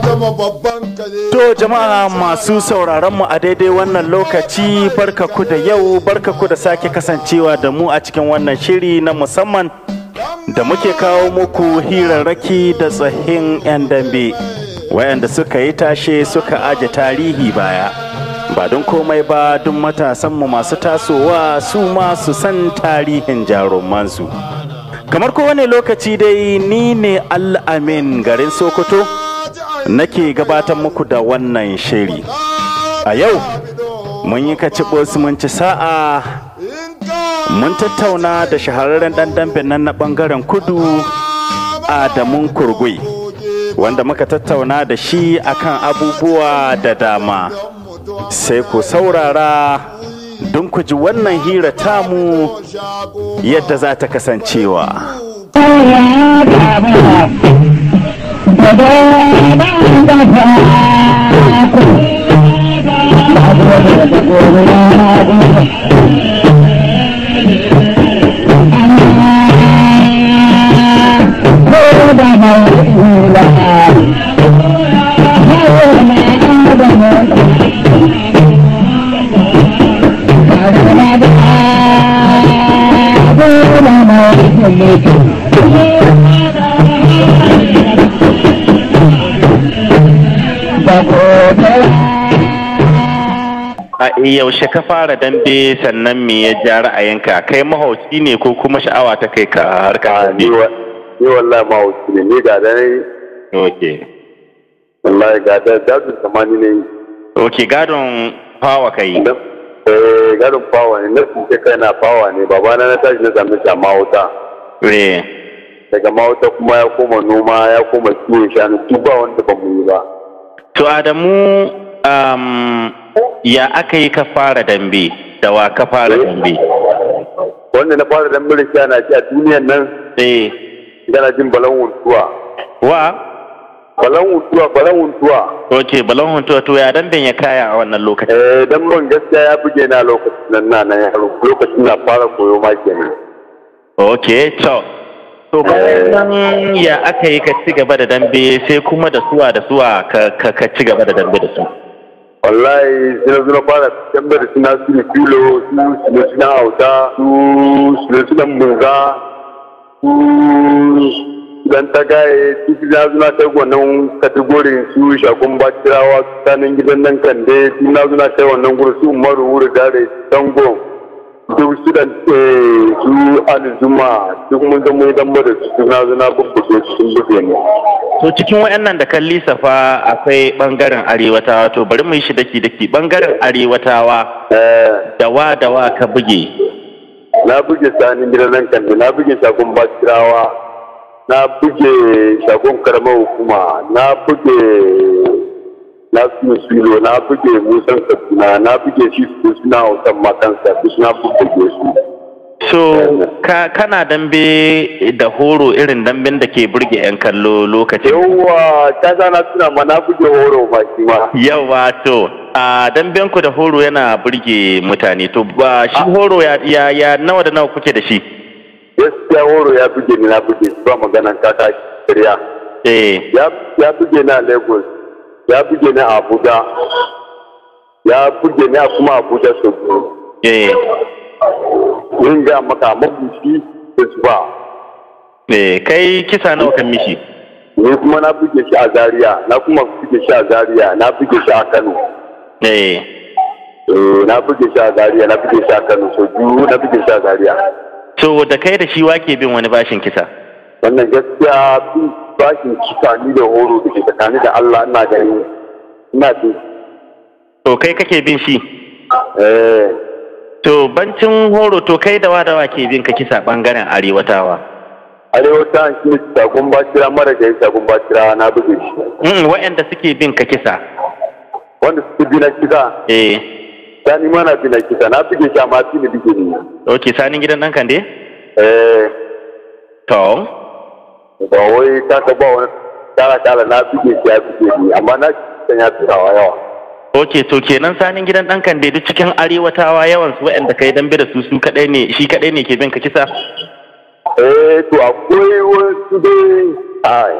to jama'a masu sauraron mu a daidai wannan lokaci barka ku da yau barka ku da sake kasancewa da mu a cikin wannan shiri na musamman da muke kawo muku hirarraki da tsahin 'yan dambe wayanda suka yi tashe suka aje tarihi baya ba don komai ba don matasanmu masu tasowa su ma su san tarihin jarumansu kamar kowane lokaci dai ni ne al'amin garin sokoto nake gabatar muku da wannan shiri a yau mun yi kaci mun ci sa'a mun tattauna da shahararren ɗan damben nan na ɓangaren kudu adamun kurgui wanda muka tattauna da shi akan abubuwa da dama sai ku saurara don ku ji wannan hira tamu yadda za ta kasancewa. Oh, Bye. yaushe ka fara dambe sannan me ya ja ra'ayinka kai mahauci ne ko kuma sha'awa ta kai ka harka ne. Ah, ni wallahi mahauci ne ni ga dai oke wallahi ga dai dadin samani ne oke gadon fawa kai eh gadon fawa ne na ke kai na fawa ne babana na tashi na zamu ta mahauta eh daga mahauta kuma ya koma noma ya koma kiwon shanu duk ba wanda ba mu yi ba to Adamu um, ya aka yi ka fara dambe da wa ka fara dambe wanda na fara dambe da shana shi a duniyan nan eh yana jin balan wuntuwa wa balan wuntuwa balan wuntuwa ok balan wuntuwa to ya damben ya kaya a wannan lokacin eh damben gaskiya ya buge na lokacin nan na na lokacin na fara koyo ma kenan ok to to bayan eh. ya aka yi ka ci gaba da dambe sai kuma da suwa da suwa ka ci gaba da dambe da su wallahi sai na fara tambar suna su ne kulo su suna hauta su su suna munza su dan tagaye su suna na suna ta wannan kategorin su shakun bakirawa su tanin gidan nan kande su na suna ta wannan gurin su umaru wuri dare tango duk su dan eh, su aljuma duk mun zama idan dan da su na zina su, sun bude ne. To cikin wayannan da kan lisafa akwai bangaren arewatawa to bari mu yi shi daki daki bangaren arewatawa eh. dawa dawa ka buge. Na buge sani biranen kan na buge shagon bakirawa na buge shagon karamar hukuma na buge na buge sulo na buge musan kaduna na buge shi suna hausan makansa suna buge su. So ka, kana dambe da horo irin dambin da ke burge 'yan kallo lokacin. Yawwa ta zana suna mana buge horo ba shi ba. Yawwa to a damben ku da horo yana burge mutane to ba shi horo ya, ya, ya nawa da nawa kuke da shi. Gaskiya horo ya buge ni na buge ba maganan kaka shirya. Eh. Ya, buge ni a Lagos, ya buge ni a Abuja, ya buge ni a kuma Abuja Sogo. Eh. ringa maka mabuci da su ba me kai kisa nawa kan mishi ni kuma na buge shi a zaria na kuma buge shi a zaria na buge shi a kano eh na buge shi a zaria na buge shi a kano so biyu na buge shi a zaria to da kai da shi wake bin wani bashin kisa wannan gaskiya bin bashin kisa ni da horo da ke tsakani da Allah ina ganin ina bin to kai kake bin shi eh To bancin horo to kai da wadawa ke bin ka kisa bangaren arewatawa. Arewata shi ne sakon bacira mara da ya sakon bacira na buge shi. wa'anda suke bin ka kisa. Wanda suke bin kisa? Eh. Sani mana bin kisa na buge shi amma shi ne buge ni. Ok sani gidan ɗan kande? Eh. To. Ba wai ta ka ba wani tsara tsara na buge shi ya buge ni amma na kisa ya turawa yawa. ok to kenan sanin gidan dan kan duk cikin arewatawa yawan su waɗanda kai dambe da su su kadai ne shi kadai ne ke bin ka kisa eh to akwai wasu dai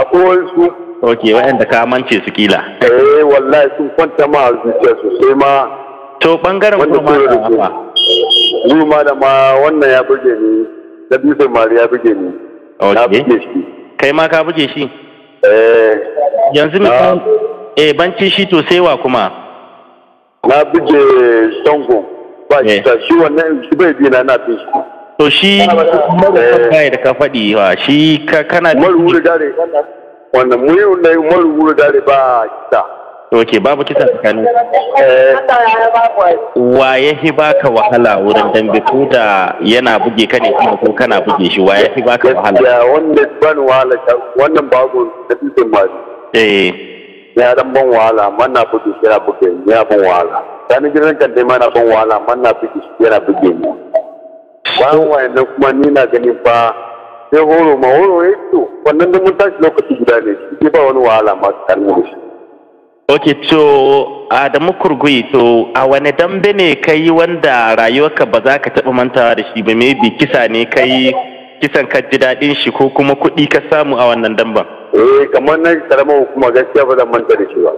akwai wasu ok waɗanda ka mance su kila eh wallahi sun kwanta ma zuciya sosai ma to bangaren kuma da mafa gurma da ma wannan ya buge ni da bisa mari ya buge ni ok kai ma ka buge shi eh yanzu misali eh banci shi to sai wa kuma na buje sango ba shi eh. ta shi wannan shi bai bi na na bi shi to shi kai eh, da ka faɗi wa shi ka kana da wuri dare wannan mu yau ne mu wuri dare ba kita Ok, babu kisa tsakanin wa ya fi baka wahala wurin dambe ko da yana buge ka ne ko kana buge shi wa ya fi baka wahala wannan ban wahala wannan babu da fi ba Eh. ya dan ban wahala man na fito shi yana buge ni ya ban wahala sanin girin kan dai ma na ban wahala man na fito shi yana buge ni bayan wayannan kuma ni na gani fa sai horo ma horo ya to wannan da mun tashi lokaci guda ne shi ba wani wahala ma tsakanin da shi Ok, to Adamu Kurgui, to a wani dambe ne ka yi wanda rayuwarka ba za ka taɓa mantawa da shi ba, maybe kisa ne ka yi kisan ka ji daɗin shi ko kuma kuɗi ka samu a wannan damban? eh kamar na karamar hukuma gaskiya ba zan manta da shi ba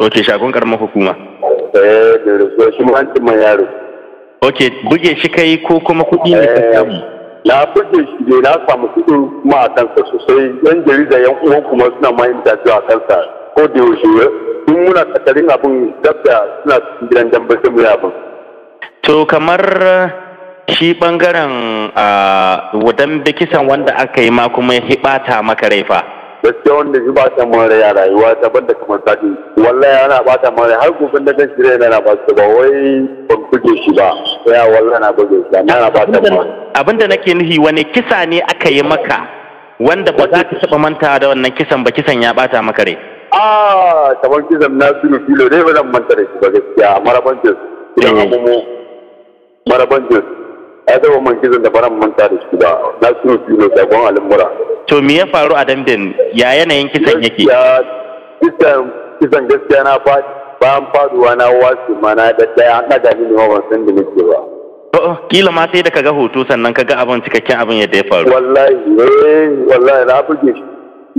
ok shagon karamar hukuma eh da rasuwa shi ma hancin man yaro ok buge shi kai ko kuma kuɗi ne ka eh, samu na buge shi ne na samu kuɗin kuma a kansa sosai yan jarida yan uwan kuma suna ma yin a kansa ko da yaushe in muna tsakarin abin dabda suna cikin gidan dambe sai mu abin to kamar shi bangaren wadan ah, kisan wanda aka yi ma kuma ya hibata maka rai fa gaskiya wanda shi ba ta mara ya rayuwa ta banda kamar sati wallahi yana ba ta mara har gobe da kan shirya yana ba su ba wai ban buge shi ba ya wallahi na buge shi amma yana ba ta mara abinda nake nufi wani kisa ne aka yi maka wanda ba za ka taba manta da wannan kisan ba kisan ya bata maka rai ah kamar kisan na sunu filo dai ba zan manta da shi ba gaskiya maraban jins idan eh. abubu maraban jins ai da man kisan da ba manta da shi ba na sunu filo sakon alimura. to me ya faru a damben ya yanayin kisan yake kisan gaskiya na fadi bayan faduwa na wasu mana da daya an daga ne ban san da nake ba oh, oh, kila ma sai da kaga hoto sannan kaga abin cikakken abin yadda ya faru wallahi eh wallahi na buge shi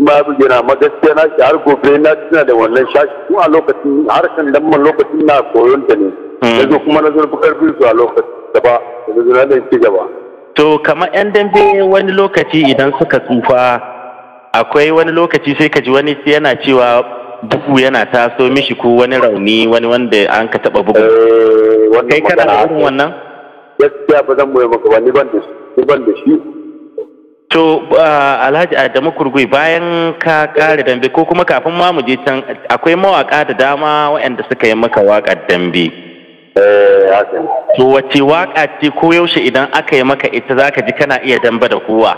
ma buge na magaskiya na shi har gobe na tuna da wannan shashi tun a lokacin har kan dan man lokacin na koyon ta ne hmm. yanzu kuma na zurfi karfin su a lokacin gaba yanzu na da ci gaba to kamar 'yan dambe wani lokaci idan suka tsufa akwai wani lokaci sai ka ji wani yana cewa bugu yana taso mishi ko wani rauni wani wanda an ka taba bugu eh, kai kana da irin wannan gaskiya ba zan boye maka ba ni ban da shi ban da shi to alhaji adamu kurgui bayan ka kare dambe ko kuma kafin ma mu je can akwai mawaka da dama waɗanda suka yi maka waƙar dambe Eh, to wace waƙa ce ko yaushe idan aka yi maka ita za ka ji kana iya damba da kowa?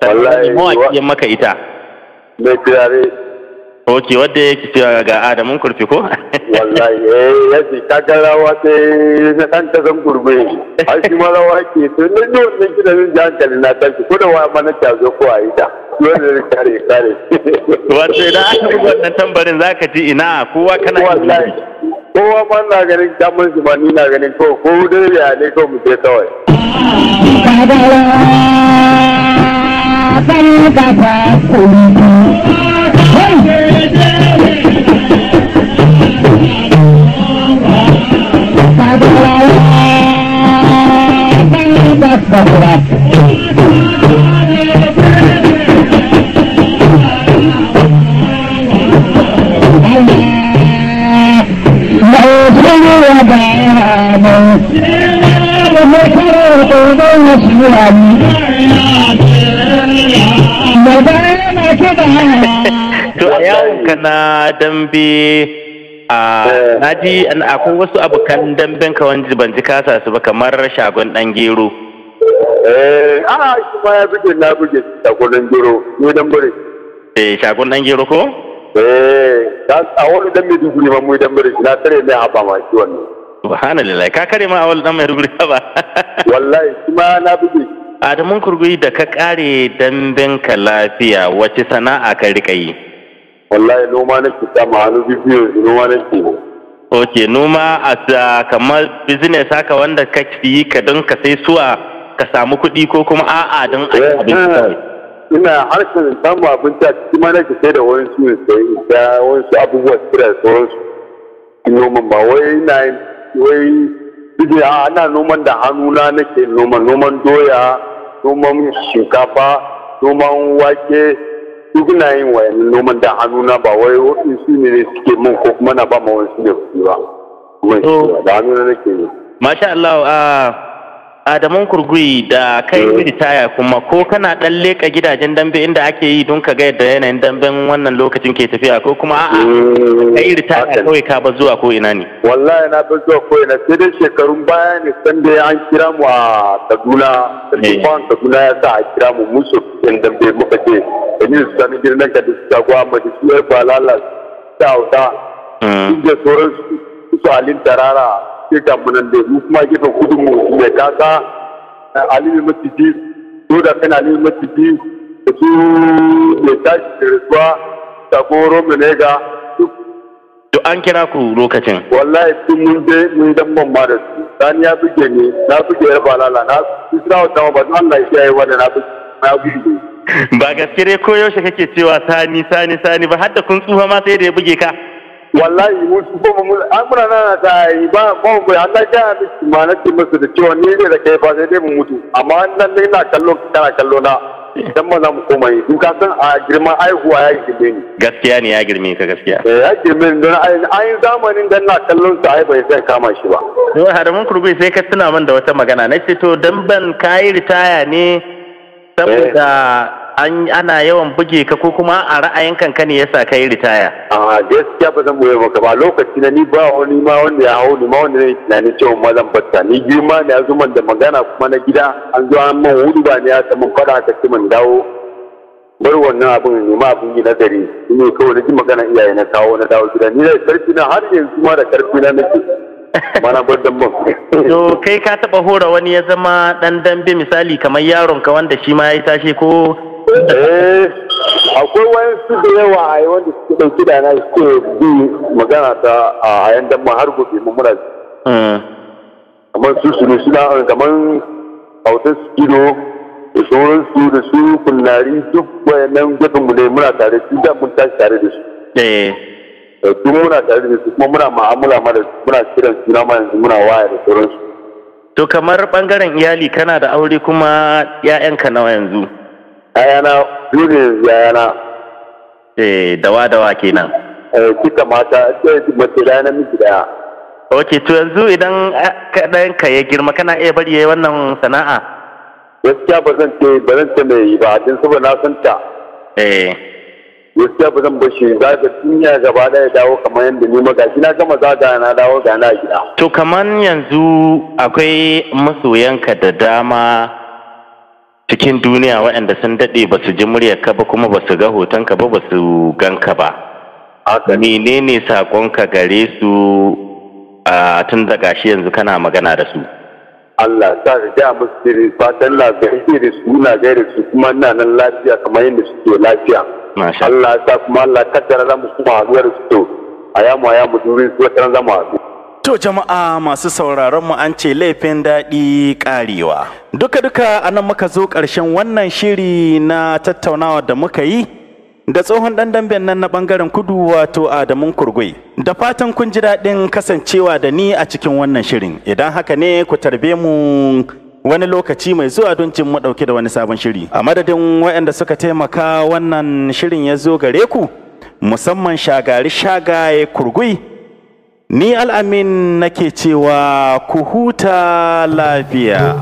Wallahi. Mawaƙi ya maka ita? Me turare. Ok, wadda ya cewa ga Adamun kurfi ko? Wallahi, eh, yaji ta ga rawa sai na san ta zan gurbe. Ai shi ma rawa ke, to ne ne wannan kidan zan ji hankali na tashi, ko da wa mana ta zo ko a ita. Dole ne kare kare. Wato idan aka yi wannan tambarin za ka ji ina kowa kana yi. Wallahi. kowa ma na ganin damar shi ba, ni na ganin ko ko dai ya ne ko mu je kawai Thank you. to a yawon ka na dambe a eh. naji akwai wasu abokan damben ka ban ji kasa su ba kamar shagon dan gero eh a ba ya buge na buge shagon dan gero ne dan bure eh shagon dan gero ko eh a wani dan Maiduguri ma mu dan Maiduguri na tare mai haba ma shi wannan subhanallah ka kare ma a wani dan Maiduguri ba wallahi kuma na buge Adamun kurgui da ka kare damben ka lafiya wace sana'a ka rika yi wallahi noma na kita ma hannu bibiyo noma na ke ok noma a kamar business haka wanda ka yi ka don ka sai suwa ka samu kuɗi ko kuma a'a don a yi eh, abinci kawai eh. ina harshen samu abinci a cikin mana nake sai da wani su ne sai da wani su abubuwa su da sauransu noman ba wai ina wai a ana noman da hannuna nake noman noman doya noman shinkafa noman wake duk ina yin wayan noman da hannuna ba wai wani su ne suke mun ko kuma na ba ma wani su ne ba da hannuna nake yi. masha Allah ah, Adamun kurgui da kai ritaya kuma ko kana dan leka gidajen dambe inda ake yi don ka ga yadda yanayin damben wannan lokacin ke tafiya ko kuma a'a kai ritaya kawai ka ba zuwa ko ina ne wallahi na ba zuwa ko ina sai dai shekarun baya ne sanda an kira mu a Kaduna sarki eh. Kaduna ya sa a kira mu musu yan dambe muka ce ni su sami girnan ka da su amma da su yar balala ta hauta inda hmm. sauransu su alin tarara ke mu da mu kuma gefen kudin mu eh, mai kasa alimin masjidi da kan alimin masjidi da su mai tashi da rasuwa ta goro menega To an kira ku lokacin wallahi sun mun je mun dan ban ma da su sani ya buge ni na buge yar balala na isra wa wata ba don Allah ya yi wanda na buge na buge ba gaske dai koyaushe kake cewa sani sani sani ba hadda kun tsufa ma sai da ya buge ka wallahi musu ko mu an muna na ta yi ba ko ko an da ga miki ma na ti musu da cewa ni ne da kai fa sai dai mu mutu amma nan ne na kallo kana kallo na dan ba za mu koma in ka san a girman aihuwa ya girme ni gaskiya ne ya girme ka gaskiya eh ya girme ni don ai zamanin dan na kallon sa ai bai sai kama shi ba to haramun kurgui sai ka tuna min da wata magana na ce to dan ban kai ritaya ne saboda eh. an ana yawan buge ka ko kuma a ra'ayin kanka ne yasa kai ritaya a gaskiya ba zan boye maka ba lokaci na ni ba wani ma wanda ya hau ni ma wanda ne ni cewa ma zan batta ni girma ne ya zo da magana kuma na gida an zo an man hudu ba ne ya man fada ka ci man dawo bar wannan abin ne ma abin yi nazari ne kawai na ji magana iyaye na kawo na dawo gida ni da karfi na har yanzu ma da karfi na nake mana gwadon ban. To kai ka taba hora wani ya zama dan dambe misali kamar yaron ka wanda shi ma ya tashi ko Eh, akwai wani su da yawa a yi wanda suke ɗauki da na suke bi magana ta a hayan damma har gobe mummuna kamar su su suna kamar hautar su kilo da sauran su da su kunnari duk wayannan gefen mu ne muna tare su da mun tashi tare da su eh. duk muna tare da su kuma muna ma'amala ma da muna kiran suna ma yanzu muna waya da sauransu to kamar bangaren iyali kana da aure kuma 'ya'yanka nawa yanzu ayana ya yana. eh dawa dawa kenan eh kika mata sai mace da namiji daya ok to yanzu idan eh, kaɗan ka ya girma kana iya bari ya wannan sana'a gaskiya ba zan ce ba zan ce mai yi ba din saboda na san ta eh gaskiya ba zan bar shi za ka duniya gaba da ya dawo kamar yadda ni maka shi na gama ka na dawo ga na gida to kamar yanzu akwai masoyanka da dama cikin duniya waɗanda sun daɗe ba su ji muryarka ba kuma ba su ga hotonka ba ba su gan ka ba menene ne saƙonka gare su a tun da gashi yanzu kana magana da su Allah sa da ja musu fatan lafiya gaishe da su na gaida su kuma ina nan lafiya kamar yadda ke lafiya Allah sa kuma Allah kaddara za mu kuma haɗuwar su to a yamu a yamu durin su wata ran za mu haɗu To jama'a masu sauraron mu an ce laifin daɗi ƙarewa. Duka-duka a nan muka zo ƙarshen wannan shiri na tattaunawa da muka yi da tsohon ɗan nan na ɓangaren kudu wato Adamun Kurgui. Da fatan kun ji daɗin kasancewa da ni a cikin wannan shirin. Idan haka ne ku tarbe mu wani lokaci mai zuwa don jin mu ɗauke da wani sabon shiri. A madadin waɗanda suka taimaka wannan shirin ya zo gare ku musamman shagari shagaye kurgui. ni al'amin nake cewa ku huta lafiya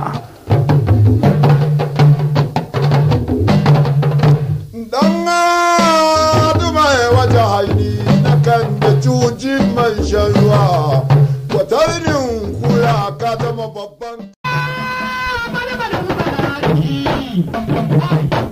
dan aduma wata haini na kan da cujin shan ruwa kwatarnin kula ka zama babban Thank you.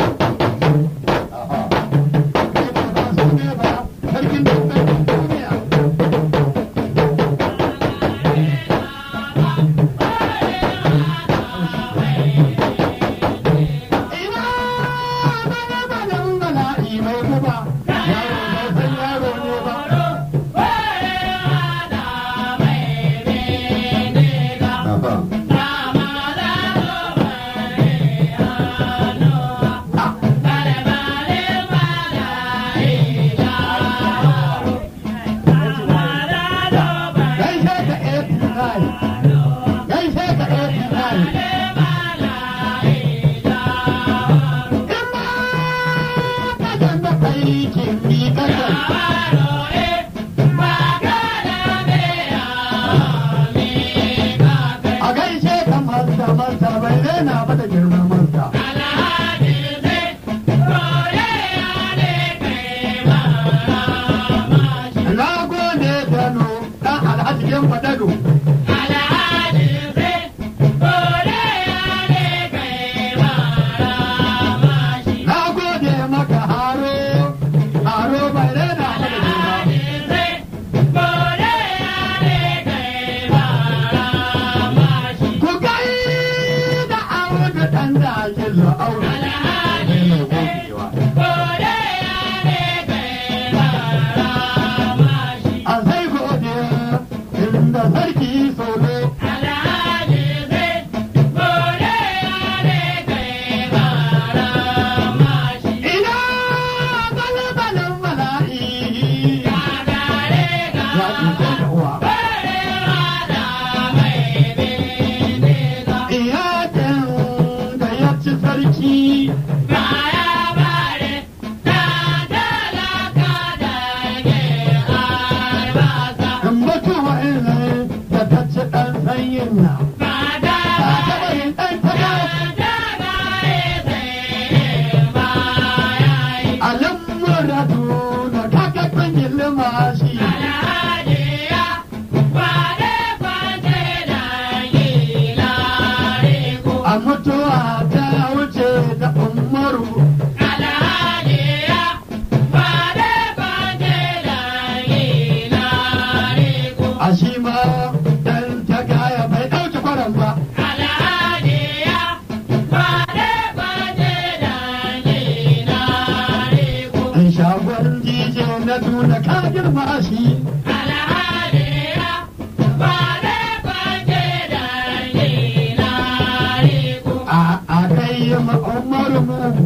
a man.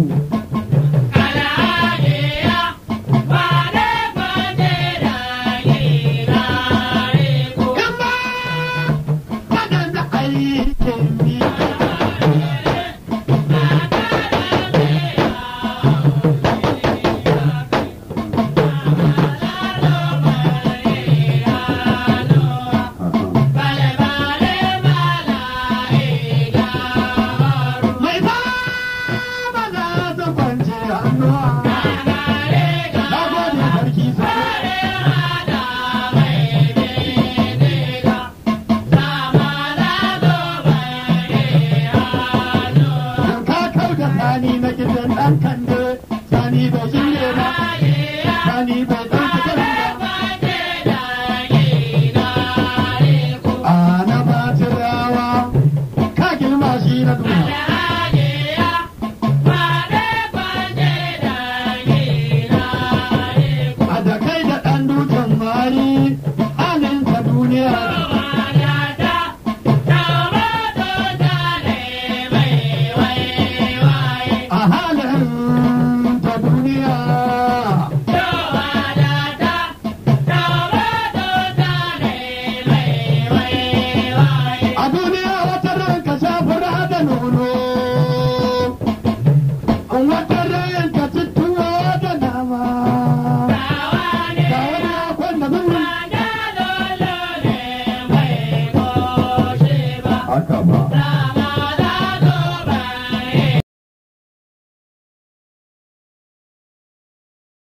akan